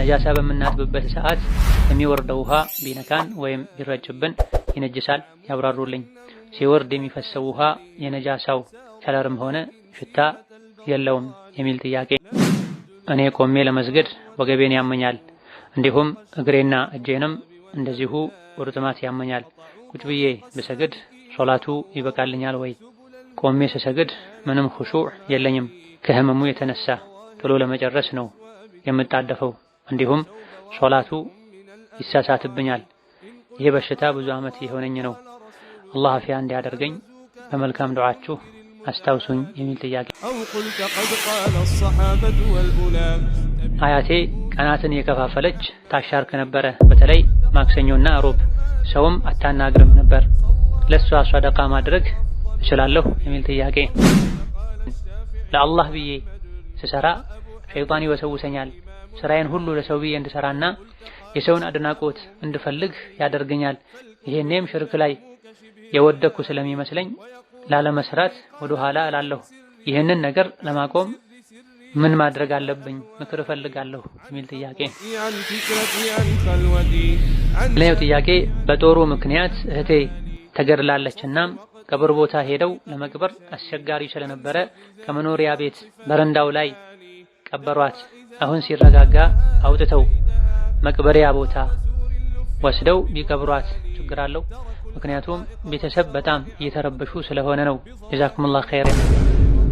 ነጃሳ በምናጥብበት ሰዓት የሚወርደው ውሃ ቢነካን ወይም ቢረጭብን ይነጅሳል። ያብራሩልኝ። ሲወርድ የሚፈሰው ውሃ የነጃሳው ከለርም ሆነ ሽታ የለውም የሚል ጥያቄ። እኔ ቆሜ ለመስገድ ወገቤን ያመኛል፣ እንዲሁም እግሬና እጄንም እንደዚሁ ቁርጥማት ያመኛል። ቁጭ ብዬ ብሰግድ ሶላቱ ይበቃልኛል ወይ? ቆሜ ስሰግድ ምንም ሁሹዕ የለኝም ከህመሙ የተነሳ ቶሎ ለመጨረስ ነው የምጣደፈው። እንዲሁም ሶላቱ ይሳሳትብኛል። ይሄ በሽታ ብዙ ዓመት የሆነኝ ነው። አላህ አፊያ እንዲያደርገኝ በመልካም ዱዓችሁ አስታውሱኝ የሚል ጥያቄ። አያቴ ቀናትን የከፋፈለች ታሻርክ ነበረ። በተለይ ማክሰኞና ሮብ ሰውም አታናግርም ነበር። ለሷ ደቃ ማድረግ እችላለሁ የሚል ጥያቄ። ለአላህ ብዬ ስሰራ ሸይጣን ይወሰውሰኛል። ስራዬን ሁሉ ለሰውዬ እንድሰራና የሰውን አድናቆት እንድፈልግ ያደርገኛል። ይሄኔም ሽርክ ላይ የወደኩ ስለሚመስለኝ ላለመስራት ወደ ኋላ እላለሁ። ይህንን ነገር ለማቆም ምን ማድረግ አለብኝ? ምክር እፈልጋለሁ የሚል ጥያቄ። ሌላው ጥያቄ በጦሩ ምክንያት እህቴ ተገድላለችና ቀብር ቦታ ሄደው ለመቅበር አስቸጋሪ ስለነበረ ከመኖሪያ ቤት በረንዳው ላይ ቀበሯት። አሁን ሲረጋጋ አውጥተው መቅበሪያ ቦታ ወስደው ቢቀብሯት ችግር አለው? ምክንያቱም ቤተሰብ በጣም እየተረበሹ ስለሆነ ነው። ጀዛኩሙላህ ኸይር።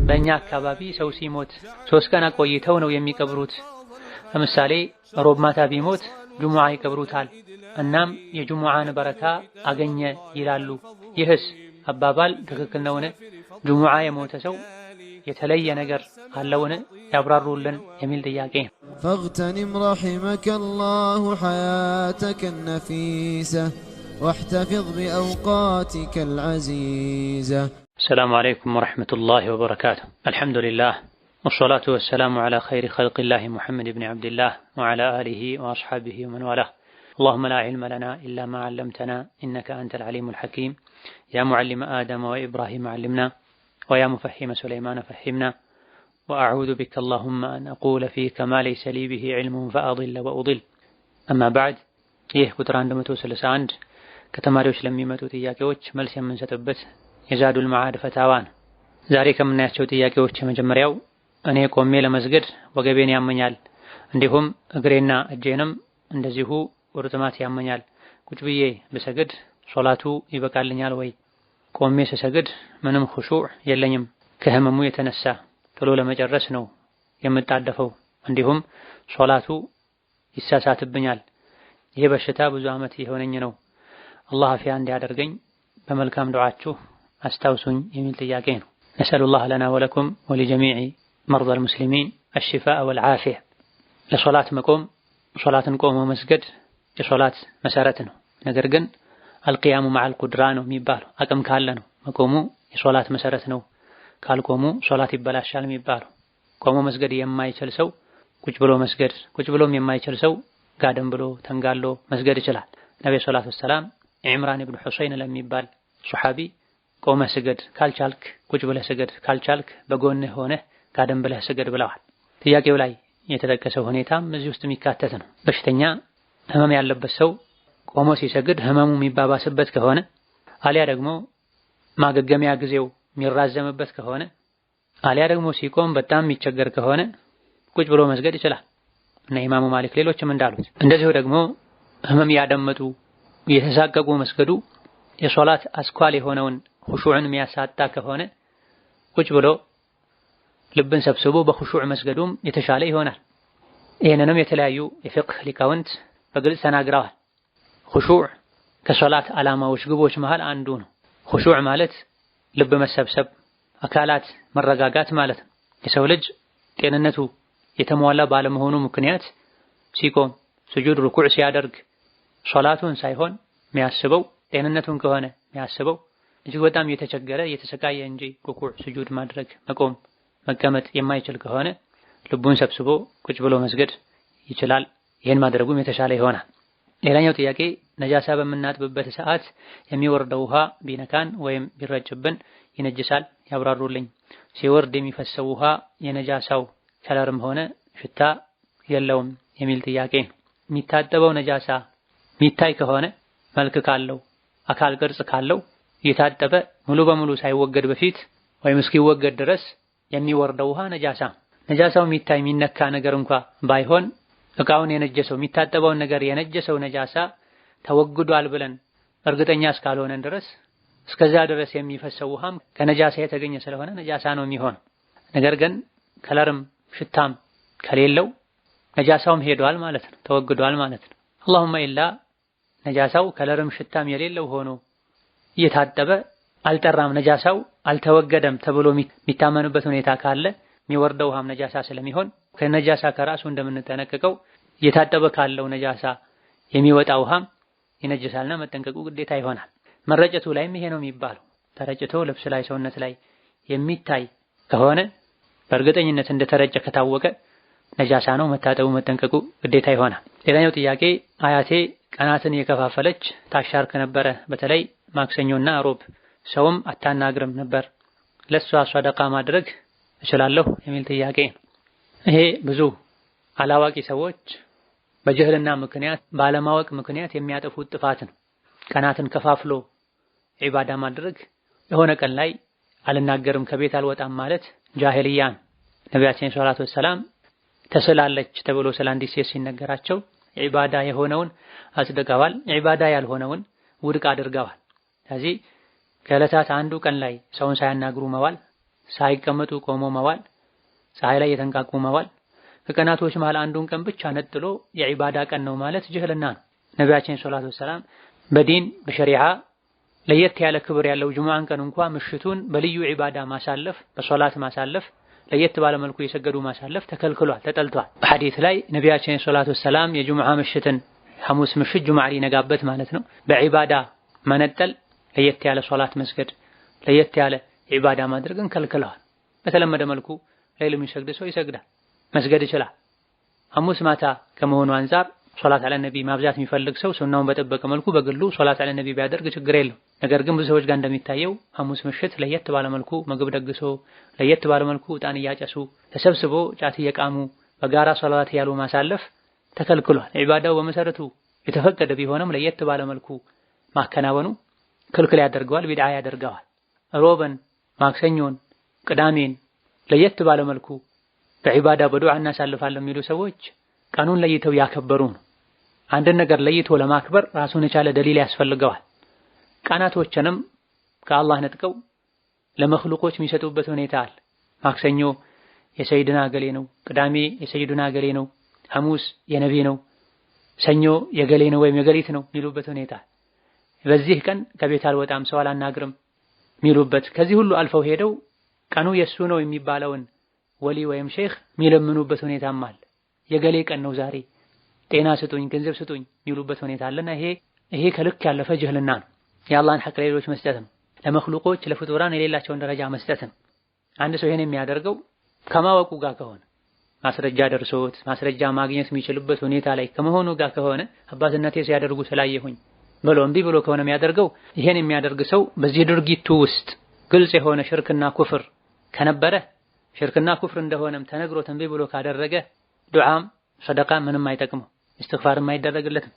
በእኛ አካባቢ ሰው ሲሞት ሶስት ቀን አቆይተው ነው የሚቀብሩት። ለምሳሌ ሮብ ማታ ቢሞት ጁሙዓ ይቀብሩታል። እናም የጁሙዓን በረካ አገኘ ይላሉ። ይህስ አባባል ትክክል ነውን? ጅሙዓ የሞተ ሰው የተለየ ነገር አለውን? ያብራሩልን የሚል ጥያቄ ነው። فاغتنم رحمك الله حياتك النفيسة واحتفظ بأوقاتك العزيزة السلام عليكم ورحمة الله وبركاته الحمد لله والصلاة والسلام على خير خلق الله محمد بن عبد الله وعلى آله وأصحابه ومن والاه اللهم لا علم لنا إلا ما علمتنا إنك أنت العليم الحكيم يا معلم آدم وإبراهيم علمنا ويا مفهم سليمان فهمنا وأعوذ بك اللهم أن أقول فيك ما ليس لي به علم فأضل وأضل أما بعد إيه قدر عند متوسل ساند كتماري وشلمي متو تياكي وش ملس من ستبت يزاد المعاد فتاوان زاري كم الناس شو تياكي وش مجمر يو أني قومي لمسجد وقبيني أمنيال عندهم أقرينا أجينم عندزيهو ورتمات أمنيال كتبيي بسجد ሶላቱ ይበቃልኛል ወይ? ቆሜ ስሰግድ ምንም ኹሹዕ የለኝም ከህመሙ የተነሳ ቶሎ ለመጨረስ ነው የምጣደፈው። እንዲሁም ሶላቱ ይሳሳትብኛል። ይህ በሽታ ብዙ ዓመት የሆነኝ ነው። አላህ አፊያ እንዲያደርገኝ በመልካም ዱዓችሁ አስታውሱኝ የሚል ጥያቄ ነው። ነስአሉላህ ለና ወለኩም ወሊጀሚዕ መርዷል ሙስሊሚን አሽፋእ ወልዓፊያ። ለሶላት መቆም ሶላትን ቆሞ መስገድ የሶላት መሰረት ነው። ነገር ግን አልቅያሙ መዓል ቁድራ ነው የሚባለው። አቅም ካለ ነው መቆሙ የሶላት መሰረት ነው። ካልቆሙ ሶላት ይበላሻል የሚባለው። ቆሞ መስገድ የማይችል ሰው ቁጭ ብሎ መስገድ፣ ቁጭ ብሎም የማይችል ሰው ጋደም ብሎ ተንጋሎ መስገድ ይችላል። ነብዩ ሰለላሁ ዐለይሂ ወሰለም ኢምራን ኢብኑ ሁሰይን ለሚባል ሱሐቢ ቆመ ስገድ፣ ካልቻልክ ቁጭ ብለህ ስገድ፣ ካልቻልክ በጎንህ ሆነህ ጋደም ብለህ ስገድ ብለዋል። ጥያቄው ላይ የተጠቀሰው ሁኔታም እዚህ ውስጥ የሚካተት ነው። በሽተኛ ህመም ያለበት ሰው ቆሞ ሲሰግድ ህመሙ የሚባባስበት ከሆነ አሊያ ደግሞ ማገገሚያ ጊዜው የሚራዘምበት ከሆነ አሊያ ደግሞ ሲቆም በጣም የሚቸገር ከሆነ ቁጭ ብሎ መስገድ ይችላል እና ኢማሙ ማሊክ ሌሎችም እንዳሉት። እንደዚሁ ደግሞ ህመም ያደመጡ የተሳቀቁ መስገዱ የሶላት አስኳል የሆነውን ሁሹዕን የሚያሳጣ ከሆነ ቁጭ ብሎ ልብን ሰብስቦ በሁሹዕ መስገዱም የተሻለ ይሆናል። ይህንንም የተለያዩ የፍቅህ ሊቃውንት በግልጽ ተናግረዋል። ኹሹዕ ከሶላት ዓላማዎች ግቦች መሃል አንዱ ነው። ኹሹዕ ማለት ልብ መሰብሰብ፣ አካላት መረጋጋት ማለት ነው። የሰው ልጅ ጤንነቱ የተሟላ ባለመሆኑ ምክንያት ሲቆም፣ ስጁድ፣ ርኩዕ ሲያደርግ ሶላቱን ሳይሆን የሚያስበው ጤንነቱን ከሆነ የሚያስበው እጅግ በጣም እየተቸገረ እየተሰቃየ እንጂ ርኩዕ፣ ስጁድ ማድረግ መቆም፣ መቀመጥ የማይችል ከሆነ ልቡን ሰብስቦ ቁጭ ብሎ መስገድ ይችላል። ይህን ማድረጉም የተሻለ ይሆናል። ሌላኛው ጥያቄ ነጃሳ በምናጥብበት ሰዓት የሚወርደው ውሃ ቢነካን ወይም ቢረጭብን ይነጅሳል? ያብራሩልኝ። ሲወርድ የሚፈሰው ውሃ የነጃሳው ከለርም ሆነ ሽታ የለውም የሚል ጥያቄ። የሚታጠበው ነጃሳ የሚታይ ከሆነ መልክ ካለው አካል ቅርጽ ካለው እየታጠበ ሙሉ በሙሉ ሳይወገድ በፊት ወይም እስኪወገድ ድረስ የሚወርደው ውሃ ነጃሳ ነጃሳው ሚታይ የሚነካ ነገር እንኳ ባይሆን እቃውን የነጀሰው የሚታጠበውን ነገር የነጀሰው ነጃሳ ተወግዷል ብለን እርግጠኛ እስካልሆነን ድረስ እስከዛ ድረስ የሚፈሰው ውሃም ከነጃሳ የተገኘ ስለሆነ ነጃሳ ነው የሚሆነው። ነገር ግን ከለርም ሽታም ከሌለው ነጃሳውም ሄዷል ማለት ነው፣ ተወግዷል ማለት ነው። አላሁማ ኢላ ነጃሳው ከለርም ሽታም የሌለው ሆኖ እየታጠበ አልጠራም፣ ነጃሳው አልተወገደም ተብሎ የሚታመንበት ሁኔታ ካለ የሚወርደው ውሃም ነጃሳ ስለሚሆን ከነጃሳ ከራሱ እንደምንጠነቀቀው እየታጠበ ካለው ነጃሳ የሚወጣ ውሃም ይነጅሳልና መጠንቀቁ ግዴታ ይሆናል። መረጨቱ ላይም ይሄ ነው የሚባለው። ተረጭቶ ልብስ ላይ ሰውነት ላይ የሚታይ ከሆነ በእርግጠኝነት እንደተረጨ ከታወቀ ነጃሳ ነው፣ መታጠቡ መጠንቀቁ ግዴታ ይሆናል። ሌላኛው ጥያቄ አያቴ ቀናትን የከፋፈለች ታሻርክ ነበረ። በተለይ ማክሰኞና ሮብ ሰውም አታናግርም ነበር። ለሷ ሷደቃ ማድረግ እችላለሁ የሚል ጥያቄ ነው። ይሄ ብዙ አላዋቂ ሰዎች በጀህልና ምክንያት ባለማወቅ ምክንያት የሚያጠፉት ጥፋት ነው። ቀናትን ከፋፍሎ ዒባዳ ማድረግ የሆነ ቀን ላይ አልናገርም ከቤት አልወጣም ማለት ጃሂልያ ነው። ነቢያችን ሰለላሁ ዐለይሂ ወሰለም ተስላለች ተብሎ ስለ አንዲት ሴት ሲነገራቸው ዒባዳ የሆነውን አጽድቀዋል፣ ዒባዳ ያልሆነውን ውድቅ አድርገዋል። ስለዚህ ከዕለታት አንዱ ቀን ላይ ሰውን ሳያናግሩ መዋል ሳይቀመጡ ቆሞ መዋል፣ ፀሐይ ላይ የተንቃቁ መዋል፣ ከቀናቶች መሃል አንዱን ቀን ብቻ ነጥሎ የዒባዳ ቀን ነው ማለት ጅህልና ነው። ነቢያችን ሰለላሁ ዐለይሂ ወሰለም በዲን በሸሪዓ ለየት ያለ ክብር ያለው ጁሙአን ቀን እንኳ ምሽቱን በልዩ ዒባዳ ማሳለፍ፣ በሶላት ማሳለፍ፣ ለየት ባለ መልኩ የሰገዱ ማሳለፍ ተከልክሏል፣ ተጠልቷል። በሐዲት ላይ ነቢያችን ሰለላሁ ዐለይሂ ወሰለም የጁሙዓ ምሽትን ሐሙስ ምሽት ጁሙዓ ሊነጋበት ማለት ነው በዒባዳ መነጠል፣ ለየት ያለ ሶላት መስገድ፣ ለየት ያለ ዒባዳ ማድረግን ከልክለዋል። በተለመደ መልኩ ሌሊት የሚሰግድ ሰው ይሰግዳል፣ መስገድ ይችላል። ሐሙስ ማታ ከመሆኑ አንጻር ሶላት አለ ነቢ ማብዛት የሚፈልግ ሰው ሱናውን በጠበቀ መልኩ በግሉ ሶላት አለ ነቢ ቢያደርግ ችግር የለው። ነገር ግን ብዙ ሰዎች ጋር እንደሚታየው ሐሙስ ምሽት ለየት ባለ መልኩ ምግብ ደግሶ ለየት ባለ መልኩ ዕጣን እያጨሱ ተሰብስቦ ጫት እየቃሙ በጋራ ሶላት ያሉ ማሳለፍ ተከልክሏል። ዒባዳው በመሰረቱ የተፈቀደ ቢሆንም ለየት ባለ መልኩ ማከናወኑ ክልክል ያደርገዋል፣ ቢድዓ ያደርገዋል። ሮበን ማክሰኞን፣ ቅዳሜን ለየት ባለመልኩ በዒባዳ በዱዓ እናሳልፋለን የሚሉ ሰዎች ቀኑን ለይተው ያከበሩ ነው። አንድን ነገር ለይቶ ለማክበር ራሱን የቻለ ደሊል ያስፈልገዋል። ቀናቶችንም ከአላህ ነጥቀው ለመኽሉቆች የሚሰጡበት ሁኔታ አለ። ማክሰኞ የሰይድና ገሌ ነው፣ ቅዳሜ የሰይዱና ገሌ ነው፣ ሐሙስ የነቢ ነው፣ ሰኞ የገሌ ነው ወይም የገሊት ነው የሚሉበት ሁኔታ በዚህ ቀን ከቤት አልወጣም፣ ሰው አላናግርም ሚሉበት ከዚህ ሁሉ አልፈው ሄደው ቀኑ የሱ ነው የሚባለውን ወሊ ወይም ሼክ የሚለምኑበት ሁኔታም አለ። የገሌ ቀን ነው ዛሬ ጤና ስጡኝ፣ ገንዘብ ስጡኝ የሚሉበት ሁኔታ አለና ይሄ ይሄ ከልክ ያለፈ ጅህልና ነው። የአላህን ሐቅ ለሌሎች መስጠት ነው። ለመክሉቆች ለፍጡራን የሌላቸውን ደረጃ መስጠት ነው። አንድ ሰው ይሄን የሚያደርገው ከማወቁ ጋር ከሆነ ማስረጃ ደርሶት ማስረጃ ማግኘት የሚችልበት ሁኔታ ላይ ከመሆኑ ጋር ከሆነ አባትነቴ ሲያደርጉ ስላየሁኝ ብሎ እምቢ ብሎ ከሆነ የሚያደርገው ይሄን የሚያደርግ ሰው በዚህ ድርጊቱ ውስጥ ግልጽ የሆነ ሽርክና ኩፍር ከነበረ ሽርክና ኩፍር እንደሆነም ተነግሮት እምቢ ብሎ ካደረገ ዱዓም ሰደቃ ምንም አይጠቅመው፣ እስትግፋርም አይደረግለትም።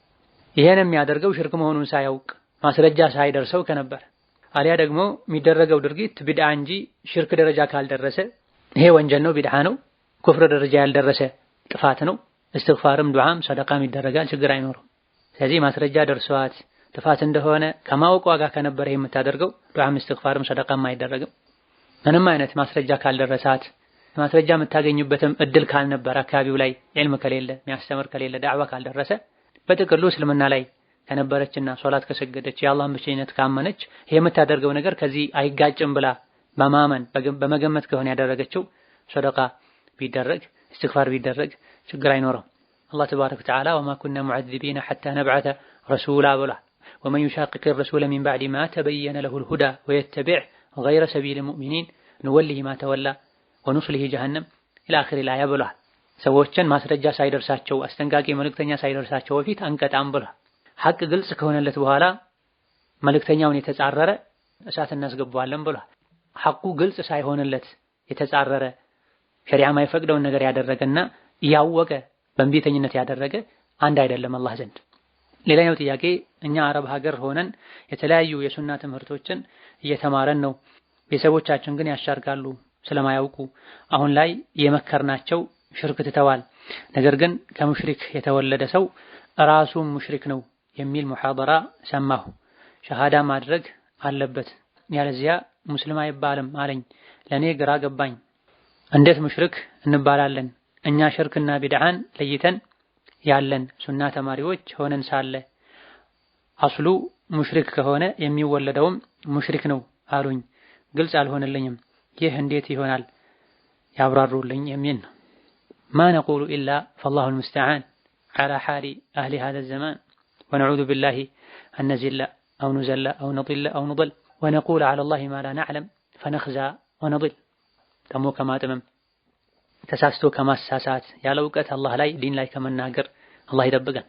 ይሄን የሚያደርገው ሽርክ መሆኑን ሳያውቅ ማስረጃ ሳይደርሰው ከነበረ አሊያ ደግሞ የሚደረገው ድርጊት ቢድዓ እንጂ ሽርክ ደረጃ ካልደረሰ ይሄ ወንጀል ነው፣ ቢድዓ ነው፣ ኩፍር ደረጃ ያልደረሰ ጥፋት ነው። እስትግፋርም ዱዓም ሰደቃም ይደረጋል፣ ችግር አይኖርም። ስለዚህ ማስረጃ ደርሷት ጥፋት እንደሆነ ከማወቅ ዋጋ ከነበረ የምታደርገው ዱዓም እስትግፋርም ሰደቃም አይደረግም። ምንም አይነት ማስረጃ ካልደረሳት ማስረጃ የምታገኝበትም እድል ካልነበረ አካባቢው ላይ ዒልም ከሌለ የሚያስተምር ከሌለ ዳዕዋ ካልደረሰ በጥቅሉ እስልምና ላይ ከነበረችና ሶላት ከሰገደች የአላህን ብቸኝነት ካመነች የምታደርገው ነገር ከዚህ አይጋጭም ብላ በማመን በመገመት ከሆነ ያደረገችው ሰደቃ ቢደረግ እስትግፋር ቢደረግ ችግር አይኖረው። አላህ ተባረከ ወተዓላ ወማ ኩና ሙዐዚቢና ሐታ ነብዓተ ረሱላ ብሏል። ወመን ዩሻቅቅ ረሱለ ሚን ባዕድ ማ ተበየነ ለሁል ሁዳ ወየተቢዕ ገይረ ሰቢል ሙእሚኒን ንወልህ ማ ተወላ ወኑስልህ ጀሃነም ኢላ አኺር አያ ብሏል። ሰዎችን ማስረጃ ሳይደርሳቸው አስጠንቃቂ መልእክተኛ ሳይደርሳቸው በፊት አንቀጣም ብሏል። ሐቅ ግልጽ ከሆነለት በኋላ መልእክተኛውን የተጻረረ እሳት እናስገባዋለን ብሏል። ሐቁ ግልጽ ሳይሆንለት የተጻረረ ሸሪዓ ማይፈቅደውን ነገር ያደረገና እያወቀ በእንቢተኝነት ያደረገ አንድ አይደለም አላህ ዘንድ ሌላኛው ጥያቄ እኛ አረብ ሀገር ሆነን የተለያዩ የሱና ትምህርቶችን እየተማረን ነው። ቤተሰቦቻችን ግን ያሻርጋሉ ስለማያውቁ አሁን ላይ የመከርናቸው ሽርክ ትተዋል። ነገር ግን ከሙሽሪክ የተወለደ ሰው ራሱም ሙሽሪክ ነው የሚል ሙሐደራ ሰማሁ። ሸሃዳ ማድረግ አለበት ያለዚያ ሙስሊም አይባልም አለኝ። ለእኔ ግራ ገባኝ። እንዴት ሙሽሪክ እንባላለን? እኛ ሽርክና ቢድዓን ለይተን ያለን ሱና ተማሪዎች ሆነን ሳለ አስሉ ሙሽሪክ ከሆነ የሚወለደውም ሙሽሪክ ነው አሉኝ። ግልጽ አልሆነልኝም። ይህ እንዴት ይሆናል ያብራሩልኝ የሚል ነው። ማ ነቁሉ ኢላ ፈላሁል ሙስተዓን ዓላ ሓሊ አህሊ ሃዛ ዘማን ወነዑዙ ቢላሂ አነዚላ አው ኑዘላ አው ነጢላ አው ንضል ወነቁል ዓላ ላሂ ማ ላ ነዕለም ፈነኽዛ ወነضል ደግሞ ከማጥመም ተሳስቶ ከማሳሳት ያለ እውቀት አላህ ላይ ዲን ላይ ከመናገር አላህ ይጠብቀን።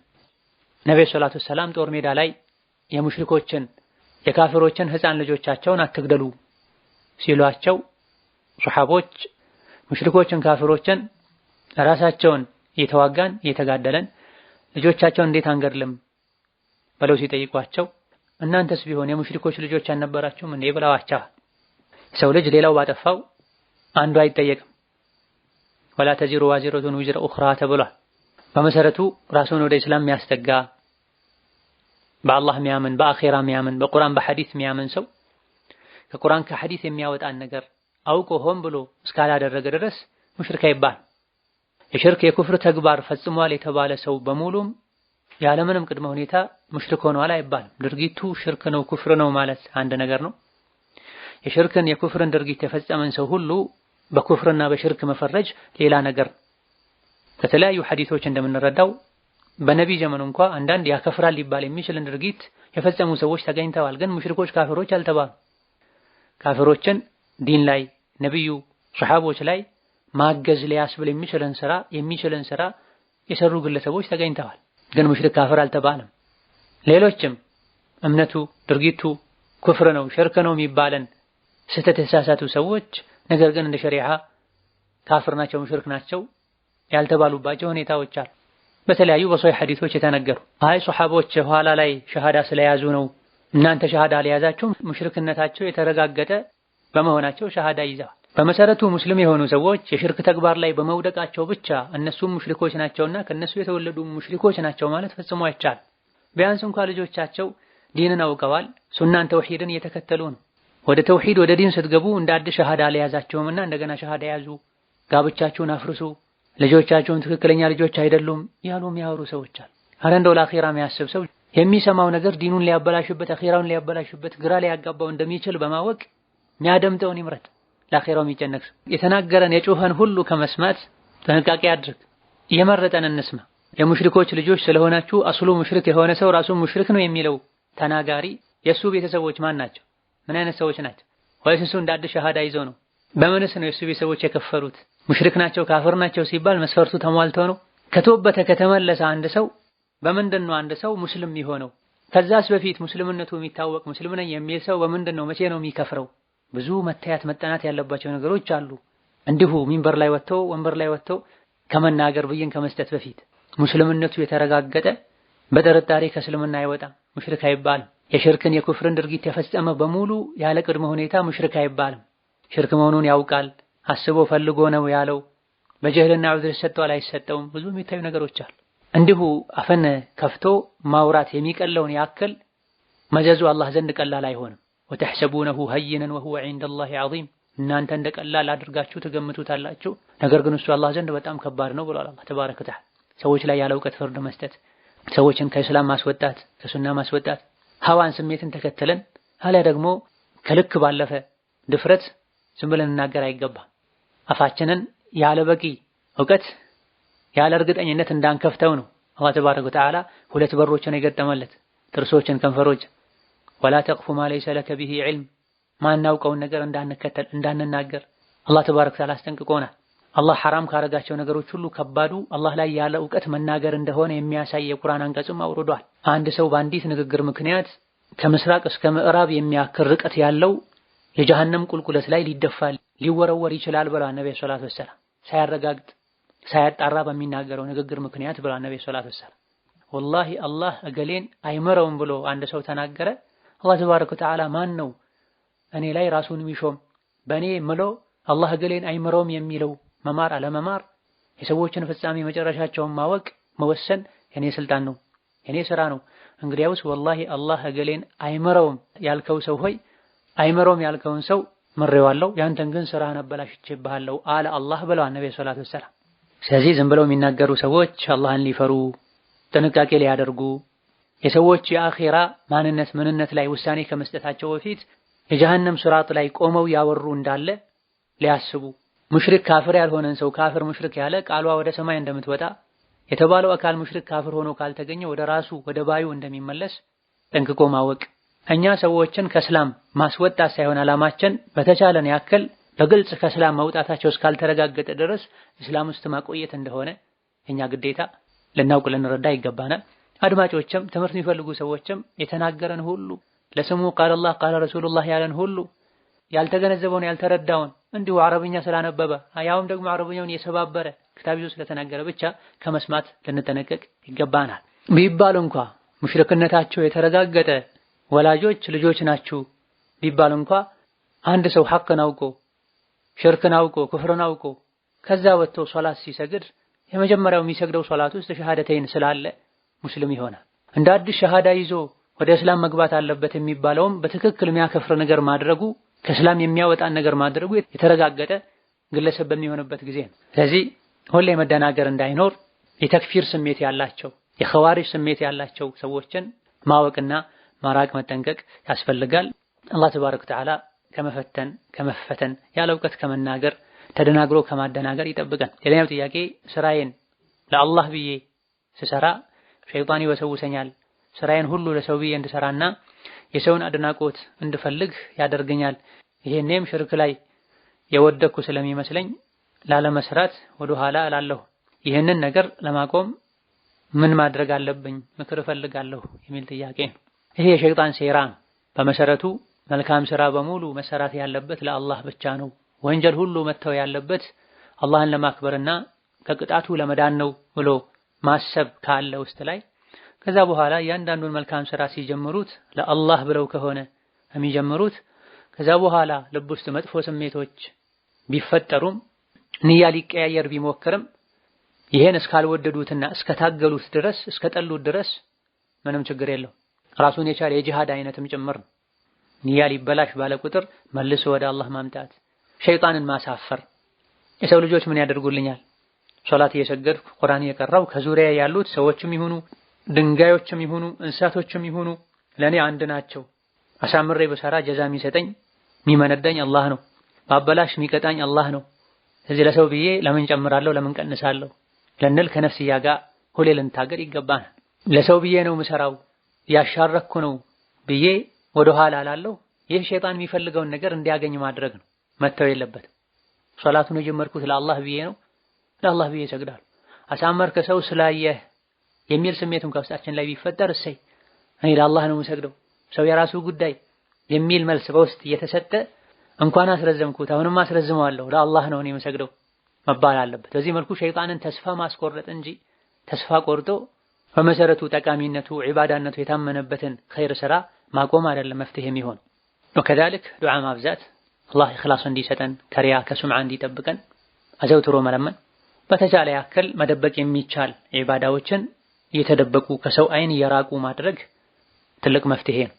ነብዩ ሰላቱ ሰላም ጦር ሜዳ ላይ የሙሽሪኮችን የካፍሮችን ህፃን ልጆቻቸውን አትግደሉ ሲሏቸው ሱሐቦች ሙሽሪኮችን ካፍሮችን ራሳቸውን እየተዋጋን እየተጋደለን ልጆቻቸውን እንዴት አንገድልም ብለው ሲጠይቋቸው እናንተስ ቢሆን የሙሽሪኮች ልጆች አልነበራችሁም እንዴ ብለዋቸዋል። ሰው ልጅ ሌላው ባጠፋው አንዱ አይጠየቅም። ወላ ተዚሩ ዋዚረቱን ውዝረ ኡኽራ ተብሏል። በመሰረቱ ራሱን ወደ እስላም የሚያስጠጋ በአላህ የሚያምን በአኼራ የሚያምን በቁርአን በሐዲስ የሚያምን ሰው ከቁርአን ከሐዲስ የሚያወጣን ነገር አውቆ ሆን ብሎ እስካላደረገ ድረስ ሙሽሪክ አይባል። የሽርክ የኩፍር ተግባር ፈጽሟል የተባለ ሰው በሙሉም ያለምንም ቅድመ ሁኔታ ሙሽሪክ ሆኗል አይባልም። ድርጊቱ ሽርክ ነው ኩፍር ነው ማለት አንድ ነገር ነው። የሽርክን የኩፍርን ድርጊት የፈጸመን ሰው ሁሉ በኩፍርና በሽርክ መፈረጅ ሌላ ነገር። ከተለያዩ ሐዲሶች እንደምንረዳው በነቢይ ዘመኑ እንኳ አንዳንድ ያከፍራል ሊባል የሚችልን ድርጊት የፈጸሙ ሰዎች ተገኝተዋል። ግን ሙሽሪኮች ካፊሮች አልተባሉ። ካፊሮችን ዲን ላይ ነቢዩ ሰሓቦች ላይ ማገዝ ሊያስብል የሚችልን ስራ የሚችልን ስራ የሰሩ ግለሰቦች ተገኝተዋል። ግን ሙሽሪክ ካፍር አልተባለም። ሌሎችም እምነቱ ድርጊቱ ኩፍር ነው ሽርክ ነው የሚባለን ስህተት የተሳሳቱ ሰዎች ነገር ግን እንደ ሸሪዓ ካፍር ናቸው ሙሽሪክ ናቸው ያልተባሉባቸው ሁኔታዎች አሉ። በተለያዩ በሶሒህ ሐዲሶች የተነገሩ አይ ሶሐቦች ኋላ ላይ ሸሃዳ ስለያዙ ነው እናንተ ሸሃዳ አልያዛቸው ሙሽርክነታቸው የተረጋገጠ በመሆናቸው ሸሃዳ ይዘዋል። በመሰረቱ ሙስሊም የሆኑ ሰዎች የሽርክ ተግባር ላይ በመውደቃቸው ብቻ እነሱም ሙሽሪኮች ናቸውና ከነሱ የተወለዱ ሙሽሪኮች ናቸው ማለት ፈጽሞ አይቻል። ቢያንስ እንኳ ልጆቻቸው ዲንን አውቀዋል፣ ሱናን ተውሂድን እየተከተሉ ነው። ወደ ተውሂድ ወደ ዲን ስትገቡ እንደ አዲስ ሸሃዳ አልያዛቸውምና እንደገና ሸሃዳ ያዙ፣ ጋብቻችሁን አፍርሱ፣ ልጆቻችሁን ትክክለኛ ልጆች አይደሉም ያሉ የሚያወሩ ሰዎች አሉ። አረ እንደው ለአኺራ የሚያስብ ሰው የሚሰማው ነገር ዲኑን ሊያበላሽበት፣ አኺራውን ሊያበላሽበት፣ ግራ ሊያጋባው እንደሚችል በማወቅ የሚያደምጠውን ይምረጥ። ለአኺራው የሚጨነቅ ሰው የተናገረን የጮኸን ሁሉ ከመስማት ጥንቃቄ አድርግ። የመረጠን እንስማ። የሙሽሪኮች ልጆች ስለሆናችሁ አስሉ ሙሽሪክ የሆነ ሰው ራሱ ሙሽሪክ ነው የሚለው ተናጋሪ የእሱ ቤተሰቦች ማን ናቸው? ምን አይነት ሰዎች ናቸው? ወይስ እሱ እንደ አዲስ ሸሃዳ ይዞ ነው? በምንስ ነው የሱ ቤተሰቦች የከፈሩት? ሙሽሪክ ናቸው ካፍር ናቸው ሲባል መስፈርቱ ተሟልቶ ነው? ከተወበተ ከተመለሰ አንድ ሰው በምንድን ነው አንድ ሰው ሙስልም የሆነው? ከዛስ በፊት ሙስልምነቱ የሚታወቅ ሙስልም ነኝ የሚል ሰው በምንድን ነው መቼ ነው የሚከፍረው? ብዙ መታየት መጠናት ያለባቸው ነገሮች አሉ። እንዲሁ ሚንበር ላይ ወጥቶ ወንበር ላይ ወጥቶ ከመናገር ብይን ከመስጠት በፊት ሙስልምነቱ የተረጋገጠ በጥርጣሬ ከእስልምና አይወጣም፣ ሙሽሪክ አይባልም። የሽርክን የኩፍርን ድርጊት የፈጸመ በሙሉ ያለ ቅድመ ሁኔታ ሙሽርክ አይባልም። ሽርክ መሆኑን ያውቃል፣ አስቦ ፈልጎ ነው ያለው። በጀህልና ዑዝር ሰጠዋል አይሰጠውም። ብዙ የሚታዩ ነገሮች አሉ። እንዲሁ አፈን ከፍቶ ማውራት የሚቀለውን ያክል መዘዙ አላህ ዘንድ ቀላል አይሆንም። ወተሕሰቡነሁ ሀይነን ወሁወ ዒንደላሂ ዐዚም እናንተ እንደ ቀላል አድርጋችሁ ትገምቱታላችሁ፣ ነገር ግን እሱ አላህ ዘንድ በጣም ከባድ ነው ብሏል አላህ ተባረከ ወተዓላ። ሰዎች ላይ ያለ እውቀት ፍርድ መስጠት፣ ሰዎችን ከእስላም ማስወጣት፣ ከሱና ማስወጣት ሀዋን ስሜትን ተከተለን አሊያ ደግሞ ከልክ ባለፈ ድፍረት ዝም ብለን እናገር አይገባ። አፋችንን ያለ በቂ እውቀት ያለ እርግጠኝነት እንዳንከፍተው ነው። አላህ ተባረከ ወተዓላ ሁለት በሮችን የገጠመለት ጥርሶችን፣ ከንፈሮች ወላ ተቅፉ ማ ለይሰ ለከ ቢሂ ዒልም ማናውቀውን ነገር እንዳንከተል እንዳንናገር አላህ ተባረከ ወተዓላ አስጠንቅቆናል። አላህ ሐራም ካረጋቸው ነገሮች ሁሉ ከባዱ አላህ ላይ ያለ እውቀት መናገር እንደሆነ የሚያሳይ የቁርአን አንቀጽም አውርዷል። አንድ ሰው በአንዲት ንግግር ምክንያት ከምስራቅ እስከ ምዕራብ የሚያክል ርቀት ያለው የጀሃነም ቁልቁለት ላይ ሊደፋል ሊወረወር ይችላል ብለዋል ነብዩ ሰለላሁ ዐለይሂ ሳያረጋግጥ ሳያጣራ በሚናገረው ንግግር ምክንያት ብለዋል ነብዩ ሰላት ዐለይሂ ወላሂ አላህ እገሌን አይምረውም ብሎ አንድ ሰው ተናገረ፣ አላህ ተባረከ ወተዓላ ማን ነው እኔ ላይ ራሱን የሚሾም በእኔ ምሎ አላህ እገሌን አይምረውም የሚለው መማር አለመማር፣ የሰዎችን ፍጻሜ መጨረሻቸውን ማወቅ መወሰን የኔ ስልጣን ነው፣ የኔ ስራ ነው። እንግዲያውስ ወላሂ አላህ እገሌን አይምረውም ያልከው ሰው ሆይ አይምረውም ያልከውን ሰው ምሬዋለሁ፣ ያንተን ግን ስራህን አበላሽቼብሃለሁ አለ አላህ ብለዋል ነብዩ ሰለላሁ ዐለይሂ ስለዚህ ዝም ብለው የሚናገሩ ሰዎች አላህን ሊፈሩ ጥንቃቄ ሊያደርጉ የሰዎች የአኼራ ማንነት ምንነት ላይ ውሳኔ ከመስጠታቸው በፊት የጀሀነም ስርዓት ላይ ቆመው ያወሩ እንዳለ ሊያስቡ ሙሽሪክ ካፍር ያልሆነን ሰው ካፍር ሙሽሪክ ያለ ቃሏ ወደ ሰማይ እንደምትወጣ የተባለው አካል ሙሽሪክ ካፍር ሆኖ ካልተገኘ ወደ ራሱ ወደ ባዩ እንደሚመለስ ጠንቅቆ ማወቅ። እኛ ሰዎችን ከእስላም ማስወጣት ሳይሆን አላማችን በተቻለን ያክል በግልጽ ከእስላም መውጣታቸው እስካልተረጋገጠ ድረስ እስላም ውስጥ ማቆየት እንደሆነ የኛ ግዴታ ልናውቅ ልንረዳ ይገባናል። አድማጮችም ትምህርት የሚፈልጉ ሰዎችም የተናገረን ሁሉ ለስሙ ቃለ አላህ ቃለ ረሱሉላህ ያለን ሁሉ ያልተገነዘበውን ያልተረዳውን እንዲሁ አረብኛ ስላነበበ ያውም ደግሞ አረብኛውን የሰባበረ ክታብ ይዞ ስለተናገረ ብቻ ከመስማት ልንጠነቀቅ ይገባናል። ቢባል እንኳ ሙሽርክነታቸው የተረጋገጠ ወላጆች ልጆች ናችሁ ቢባል እንኳ አንድ ሰው ሐቅን አውቆ ሽርክን አውቆ ክፍርን አውቆ ከዛ ወጥቶ ሶላት ሲሰግድ የመጀመሪያው የሚሰግደው ሶላት ውስጥ ሸሃደተይን ስላለ ሙስሊም ይሆናል። እንደ አዲስ ሸሃዳ ይዞ ወደ እስላም መግባት አለበት የሚባለውም በትክክል የሚያከፍር ነገር ማድረጉ ከእስላም የሚያወጣን ነገር ማድረጉ የተረጋገጠ ግለሰብ በሚሆንበት ጊዜ ነው። ስለዚህ ሁሌ መደናገር እንዳይኖር የተክፊር ስሜት ያላቸው የኸዋሪጅ ስሜት ያላቸው ሰዎችን ማወቅና ማራቅ መጠንቀቅ ያስፈልጋል። አላህ ተባረከ ወተዓላ ከመፈተን ከመፈተን ያለ እውቀት ከመናገር ተደናግሮ ከማደናገር ይጠብቀን። የሌላው ጥያቄ ስራዬን ለአላህ ብዬ ስሰራ ሸይጣን ይወሰውሰኛል፣ ስራዬን ሁሉ ለሰው ብዬ እንድሰራና የሰውን አድናቆት እንድፈልግ ያደርገኛል። ይሄኔም ሽርክ ላይ የወደኩ ስለሚመስለኝ ላለመስራት ወደ ኋላ እላለሁ። ይህንን ነገር ለማቆም ምን ማድረግ አለብኝ? ምክር እፈልጋለሁ የሚል ጥያቄ ነው። ይሄ የሸይጣን ሴራ ነው። በመሰረቱ መልካም ስራ በሙሉ መሰራት ያለበት ለአላህ ብቻ ነው። ወንጀል ሁሉ መተው ያለበት አላህን ለማክበርና ከቅጣቱ ለመዳን ነው ብሎ ማሰብ ካለ ውስጥ ላይ ከዛ በኋላ እያንዳንዱን መልካም ስራ ሲጀምሩት ለአላህ ብለው ከሆነ የሚጀምሩት ከዛ በኋላ ልብ ውስጥ መጥፎ ስሜቶች ቢፈጠሩም ንያ ሊቀያየር ቢሞክርም ይሄን እስካልወደዱትና እስከታገሉት ድረስ እስከጠሉት ድረስ ምንም ችግር የለው። ራሱን የቻለ የጂሃድ አይነትም ጭምር ነው። ንያ ሊበላሽ ባለ ቁጥር መልሶ ወደ አላህ ማምጣት፣ ሸይጣንን ማሳፈር። የሰው ልጆች ምን ያደርጉልኛል? ሶላት እየሰገድኩ ቁርአን እየቀራው ከዙሪያ ያሉት ሰዎችም ይሁኑ ድንጋዮችም ይሁኑ እንስሳቶችም ይሁኑ ለኔ አንድ ናቸው። አሳምሬ በሰራ ጀዛ የሚሰጠኝ የሚመነዳኝ አላህ ነው። ባበላሽ የሚቀጣኝ አላህ ነው። ስለዚህ ለሰው ብዬ ለምን ጨምራለሁ፣ ለምን ቀንሳለሁ ልንል ከነፍስያ ጋር ሁሌ ልንታገር ይገባናል። ለሰው ብዬ ነው ምሰራው ያሻረኩ ነው ብዬ ወደ ኋላ አላለሁ። ይህ ሸይጣን የሚፈልገውን ነገር እንዲያገኝ ማድረግ ነው። መተው የለበትም። ሶላቱን የጀመርኩት ለአላህ ብዬ ነው፣ ለአላህ ብዬ እሰግዳለሁ። አሳመርከ ሰው ስላየህ የሚል ስሜትም ከውስጣችን ላይ ቢፈጠር እሰይ እኔ ለአላህ ነው የምሰግደው ሰው የራሱ ጉዳይ የሚል መልስ በውስጥ እየተሰጠ እንኳን አስረዘምኩት አሁንም አስረዝመዋለሁ ለአላህ ነው እኔ የምሰግደው መባል አለበት። በዚህ መልኩ ሸይጣንን ተስፋ ማስቆረጥ እንጂ ተስፋ ቆርጦ በመሰረቱ ጠቃሚነቱ ዒባዳነቱ የታመነበትን ኸይር ስራ ማቆም አይደለም መፍትሄ የሚሆን ወከዛልክ ዱዓ ማብዛት አላህ ኢኽላስ እንዲሰጠን ከሪያ ከሱምዓ እንዲጠብቀን አዘውትሮ መለመን በተቻለ ያክል መደበቅ የሚቻል ዒባዳዎችን እየተደበቁ ከሰው አይን እየራቁ ማድረግ ትልቅ መፍትሄ ነው።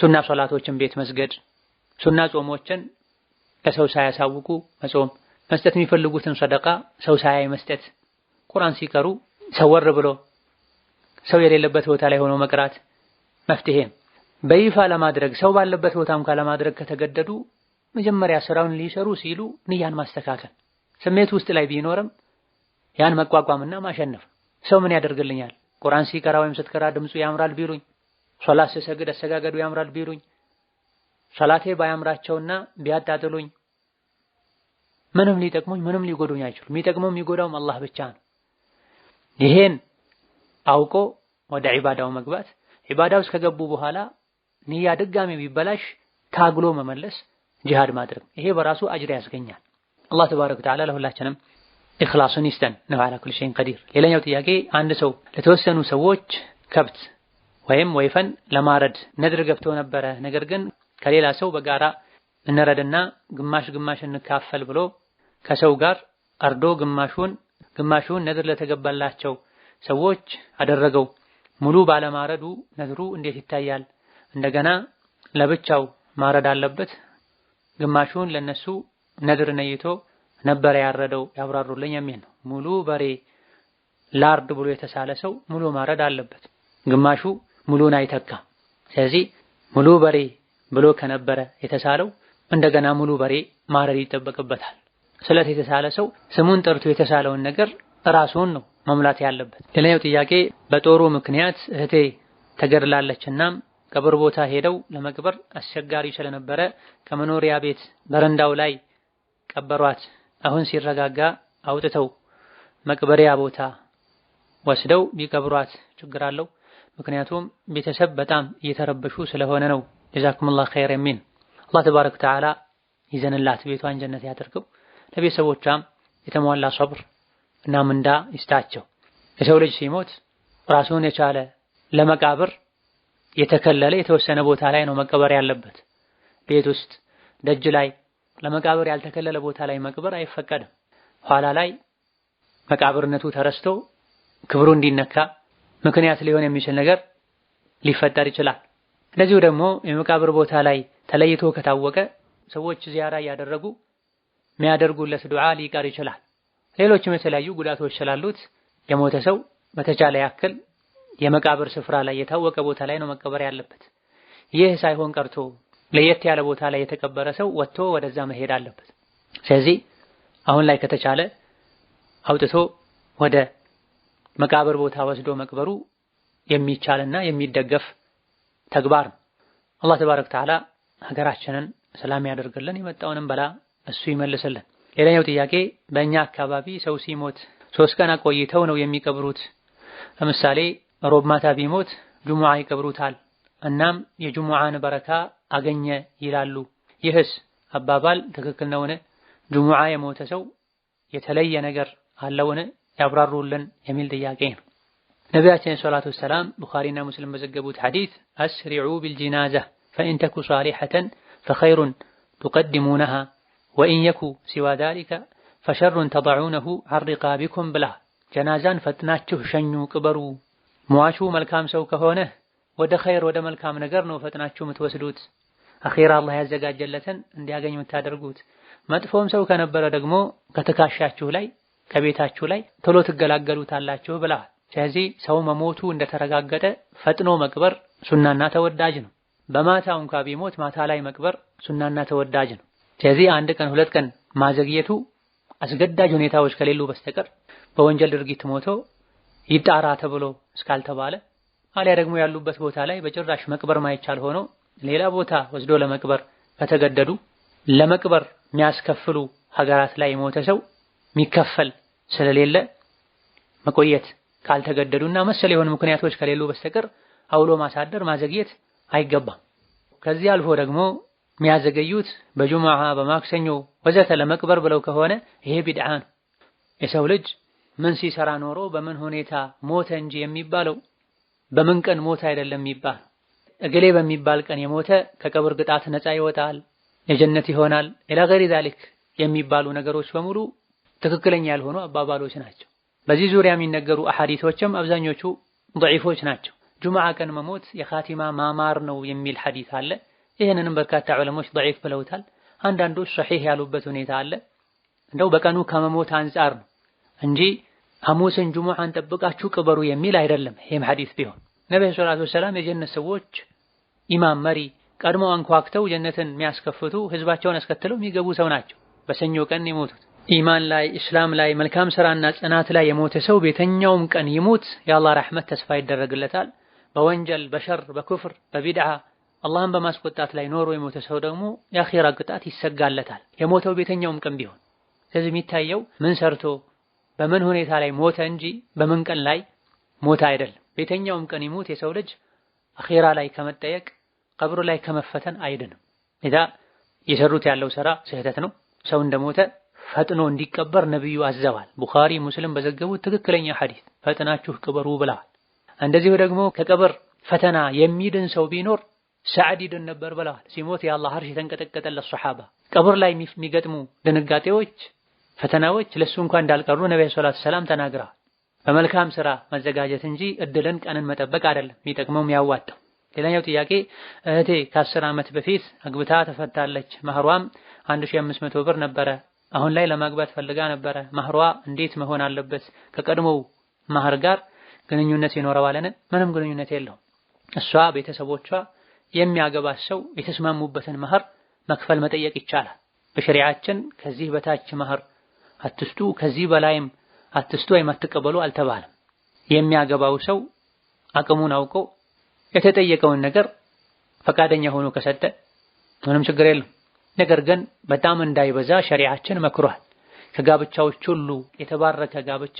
ሱና ሶላቶችን ቤት መስገድ፣ ሱና ጾሞችን ለሰው ሳያሳውቁ መጾም፣ መስጠት የሚፈልጉትን ሰደቃ ሰው ሳያይ መስጠት፣ ቁርአን ሲቀሩ ሰወር ብሎ ሰው የሌለበት ቦታ ላይ ሆኖ መቅራት መፍትሄ ነው። በይፋ ለማድረግ ሰው ባለበት ቦታ እንኳ ለማድረግ ከተገደዱ መጀመሪያ ስራውን ሊሰሩ ሲሉ ንያን ማስተካከል ስሜት ውስጥ ላይ ቢኖርም ያን መቋቋምና ማሸነፍ ሰው ምን ያደርግልኛል? ቁርአን ሲቀራ ወይም ስትቀራ ድምፁ ያምራል ቢሉኝ፣ ሶላት ስሰግድ አሰጋገዱ ያምራል ቢሉኝ፣ ሶላቴ ባያምራቸውና ቢያጣጥሉኝ ምንም ሊጠቅሙኝ ምንም ሊጎዱኝ አይችሉም። የሚጠቅመው የሚጎዳውም አላህ ብቻ ነው። ይሄን አውቆ ወደ ዒባዳው መግባት ኢባዳው እስከገቡ በኋላ ንያ ድጋሚ ቢበላሽ ታግሎ መመለስ ጂሃድ ማድረግ ይሄ በራሱ አጅር ያስገኛል። አላህ ተባረከ ወተዓላ ለሁላችንም ኢኽላሱን ይስጠን ነው አላ ኩል ሸይን ቀዲር። ሌላኛው ጥያቄ አንድ ሰው ለተወሰኑ ሰዎች ከብት ወይም ወይፈን ለማረድ ነድር ገብቶ ነበረ። ነገር ግን ከሌላ ሰው በጋራ እንረድና ግማሽ ግማሽ እንካፈል ብሎ ከሰው ጋር አርዶ ግማሹን ግማሹን ነድር ለተገባላቸው ሰዎች አደረገው። ሙሉ ባለማረዱ ነድሩ እንዴት ይታያል? እንደገና ለብቻው ማረድ አለበት? ግማሹን ለነሱ ነድር ነይቶ ነበረ ያረደው ያብራሩልኝ የሚል ነው። ሙሉ በሬ ላርድ ብሎ የተሳለ ሰው ሙሉ ማረድ አለበት። ግማሹ ሙሉን አይተካም። ስለዚህ ሙሉ በሬ ብሎ ከነበረ የተሳለው እንደገና ሙሉ በሬ ማረድ ይጠበቅበታል። ስለት የተሳለ ሰው ስሙን ጠርቶ የተሳለውን ነገር ራሱን ነው መሙላት ያለበት። ሌላኛው ጥያቄ በጦሩ ምክንያት እህቴ ተገድላለች። እና ቀብር ቦታ ሄደው ለመቅበር አስቸጋሪ ስለነበረ ከመኖሪያ ቤት በረንዳው ላይ ቀበሯት አሁን ሲረጋጋ አውጥተው መቅበሪያ ቦታ ወስደው ቢቀብሯት ችግር አለው? ምክንያቱም ቤተሰብ በጣም እየተረበሹ ስለሆነ ነው። ጀዛኩሙላህ ኸይር የሚል አላህ ተባረከ ወተዓላ ይዘንላት ቤቷን ጀነት ያደርገው፣ ለቤተሰቦቿም የተሟላ ሶብር እና ምንዳ ይስታቸው የሰው ልጅ ሲሞት ራሱን የቻለ ለመቃብር የተከለለ የተወሰነ ቦታ ላይ ነው መቀበር ያለበት። ቤት ውስጥ፣ ደጅ ላይ ለመቃብር ያልተከለለ ቦታ ላይ መቅበር አይፈቀድም። ኋላ ላይ መቃብርነቱ ተረስቶ ክብሩ እንዲነካ ምክንያት ሊሆን የሚችል ነገር ሊፈጠር ይችላል። እንደዚሁ ደግሞ የመቃብር ቦታ ላይ ተለይቶ ከታወቀ ሰዎች ዚያራ እያደረጉ የሚያደርጉለት ዱዓ ሊቀር ይችላል። ሌሎችም የተለያዩ ጉዳቶች ስላሉት የሞተ ሰው በተቻለ ያክል የመቃብር ስፍራ ላይ የታወቀ ቦታ ላይ ነው መቀበር ያለበት። ይህ ሳይሆን ቀርቶ ለየት ያለ ቦታ ላይ የተቀበረ ሰው ወጥቶ ወደዛ መሄድ አለበት። ስለዚህ አሁን ላይ ከተቻለ አውጥቶ ወደ መቃብር ቦታ ወስዶ መቅበሩ የሚቻልና የሚደገፍ ተግባር ነው። አላህ ተባረክ ወተዓላ ሀገራችንን ሰላም ያደርግልን፣ የመጣውንም በላ እሱ ይመልስልን። ሌላኛው ጥያቄ በእኛ አካባቢ ሰው ሲሞት ሶስት ቀን አቆይተው ነው የሚቀብሩት። ለምሳሌ ሮብ ማታ ቢሞት ጁሙዓ ይቀብሩታል። እናም የጁሙዓን በረካ አገኘ ይላሉ። ይህስ አባባል ትክክል ነውን? ጅሙዓ የሞተ ሰው የተለየ ነገር አለውን? ያብራሩልን የሚል ጥያቄ ነው። ነቢያችን ሰላቱ ወሰላም ቡኻሪና ሙስሊም በዘገቡት ሐዲስ አስሪዑ ቢልጂናዛ ፈኢንተኩ ሷሊሐተን ፈኸይሩን ቱቀድሙነሃ ወኢን ሲዋ ዛሊከ ፈሸሩን ተضዑነሁ ዐን ቢኩም ብላ ጀናዛን ፈጥናችሁ ሸኙ፣ ቅበሩ። ሟቹ መልካም ሰው ከሆነ ወደ ኸይር ወደ መልካም ነገር ነው ፈጥናችሁ የምትወስዱት አኼራ አላህ ያዘጋጀለትን እንዲያገኝ የምታደርጉት። መጥፎም ሰው ከነበረ ደግሞ ከትካሻችሁ ላይ ከቤታችሁ ላይ ቶሎ ትገላገሉታላችሁ ብለዋል። ስለዚህ ሰው መሞቱ እንደተረጋገጠ ፈጥኖ መቅበር ሱናና ተወዳጅ ነው። በማታው እንኳ ቢሞት ማታ ላይ መቅበር ሱናና ተወዳጅ ነው። ስለዚህ አንድ ቀን ሁለት ቀን ማዘግየቱ አስገዳጅ ሁኔታዎች ከሌሉ በስተቀር በወንጀል ድርጊት ሞቶ ይጣራ ተብሎ እስካልተባለ አሊያ ደግሞ ያሉበት ቦታ ላይ በጭራሽ መቅበር ማይቻል ሆኖ ሌላ ቦታ ወስዶ ለመቅበር ከተገደዱ ለመቅበር የሚያስከፍሉ ሀገራት ላይ የሞተ ሰው የሚከፈል ስለሌለ መቆየት ካልተገደዱ እና መሰል የሆኑ ምክንያቶች ከሌሉ በስተቀር አውሎ ማሳደር ማዘግየት አይገባም። ከዚህ አልፎ ደግሞ የሚያዘገዩት በጁምዓ በማክሰኞ ወዘተ ለመቅበር ብለው ከሆነ ይሄ ቢድዓ ነው። የሰው ልጅ ምን ሲሰራ ኖሮ በምን ሁኔታ ሞተ እንጂ የሚባለው በምን ቀን ሞተ አይደለም የሚባለው እገሌ በሚባል ቀን የሞተ ከቀብር ቅጣት ነፃ ይወጣል፣ የጀነት ይሆናል፣ ኢላ ገይሪ ዛሊክ የሚባሉ ነገሮች በሙሉ ትክክለኛ ያልሆኑ አባባሎች ናቸው። በዚህ ዙሪያ የሚነገሩ አሐዲቶችም አብዛኞቹ ደዒፎች ናቸው። ጁምዓ ቀን መሞት የኻቲማ ማማር ነው የሚል ሐዲት አለ። ይህንንም በርካታ ዑለሞች ደዒፍ ብለውታል። አንዳንዶች ሰሒህ ያሉበት ሁኔታ አለ። እንደው በቀኑ ከመሞት አንጻር ነው እንጂ ሐሙስን ጁሙዓን ጠብቃችሁ ቅበሩ የሚል አይደለም። ይህም ሐዲት ቢሆን ነብዩ ሰለላሁ ዐለይሂ ወሰለም የጀነት ሰዎች ኢማም መሪ ቀድሞ አንኳክተው ጀነትን የሚያስከፍቱ ህዝባቸውን አስከትለው የሚገቡ ሰው ናቸው። በሰኞ ቀን የሞቱት ኢማን ላይ እስላም ላይ መልካም ስራና ጽናት ላይ የሞተ ሰው ቤተኛውም ቀን ይሞት የአላህ ረሕመት ተስፋ ይደረግለታል። በወንጀል በሸር በኩፍር በቢድዓ አላህን በማስቆጣት ላይ ኖሮ የሞተ ሰው ደግሞ የአኺራ ቅጣት ይሰጋለታል፣ የሞተው ቤተኛውም ቀን ቢሆን። ስለዚህ የሚታየው ምን ሰርቶ በምን ሁኔታ ላይ ሞተ እንጂ በምን ቀን ላይ ሞተ አይደለም። ቤተኛውም ቀን ይሞት የሰው ልጅ አኺራ ላይ ከመጠየቅ ቀብሩ ላይ ከመፈተን አይድንም። ለዛ የሰሩት ያለው ስራ ስህተት ነው። ሰው እንደሞተ ፈጥኖ እንዲቀበር ነብዩ አዘዋል። ቡኻሪ ሙስልም በዘገቡት ትክክለኛ ሐዲስ ፈጥናችሁ ቅበሩ ብለዋል። እንደዚሁ ደግሞ ከቀብር ፈተና የሚድን ሰው ቢኖር ሰዓድ ይድን ነበር ብለዋል። ሲሞት የአላህ አርሽ የተንቀጠቀጠለት ሱሐባ። ቀብር ላይ የሚገጥሙ ድንጋጤዎች፣ ፈተናዎች ለሱ እንኳን እንዳልቀሩ ነብዩ ሰለላሁ ዐለይሂ ተናግረዋል። በመልካም ስራ መዘጋጀት እንጂ እድልን ቀንን መጠበቅ አይደለም። የሚጠቅመው የሚያዋጣው ሌላኛው ጥያቄ እህቴ ከአስር ዓመት በፊት አግብታ ተፈታለች። ማህሯም 1500 ብር ነበረ። አሁን ላይ ለማግባት ፈልጋ ነበረ። ማህሯ እንዴት መሆን አለበት? ከቀድሞው ማህር ጋር ግንኙነት ይኖረዋልን? ምንም ግንኙነት የለውም። እሷ ቤተሰቦቿ የሚያገባት ሰው የተስማሙበትን ማህር መክፈል መጠየቅ ይቻላል። በሸሪዓችን ከዚህ በታች ማህር አትስጡ፣ ከዚህ በላይም አትስጡ ወይም አትቀበሉ አልተባለም። የሚያገባው ሰው አቅሙን አውቆ የተጠየቀውን ነገር ፈቃደኛ ሆኖ ከሰጠ ምንም ችግር የለም። ነገር ግን በጣም እንዳይበዛ ሸሪዓችን መክሯል። ከጋብቻዎች ሁሉ የተባረከ ጋብቻ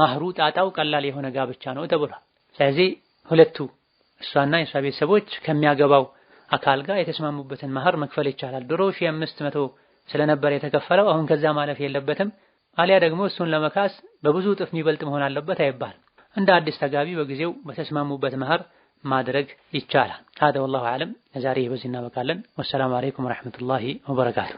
ማህሩ ጣጣው ቀላል የሆነ ጋብቻ ነው ተብሏል። ስለዚህ ሁለቱ እሷና የእሷ ቤተሰቦች ከሚያገባው አካል ጋር የተስማሙበትን ማህር መክፈል ይቻላል። ድሮ ሺህ አምስት መቶ ስለነበር የተከፈለው አሁን ከዛ ማለፍ የለበትም። አሊያ ደግሞ እሱን ለመካስ በብዙ እጥፍ የሚበልጥ መሆን አለበት አይባልም። እንደ አዲስ ተጋቢ በጊዜው በተስማሙበት ማህር ማድረግ ይቻላል። ሀደ ወላሁ አለም። ለዛሬ በዚህ እናበቃለን። ወሰላሙ አለይኩም ወረሕመቱላሂ ወበረካቱ።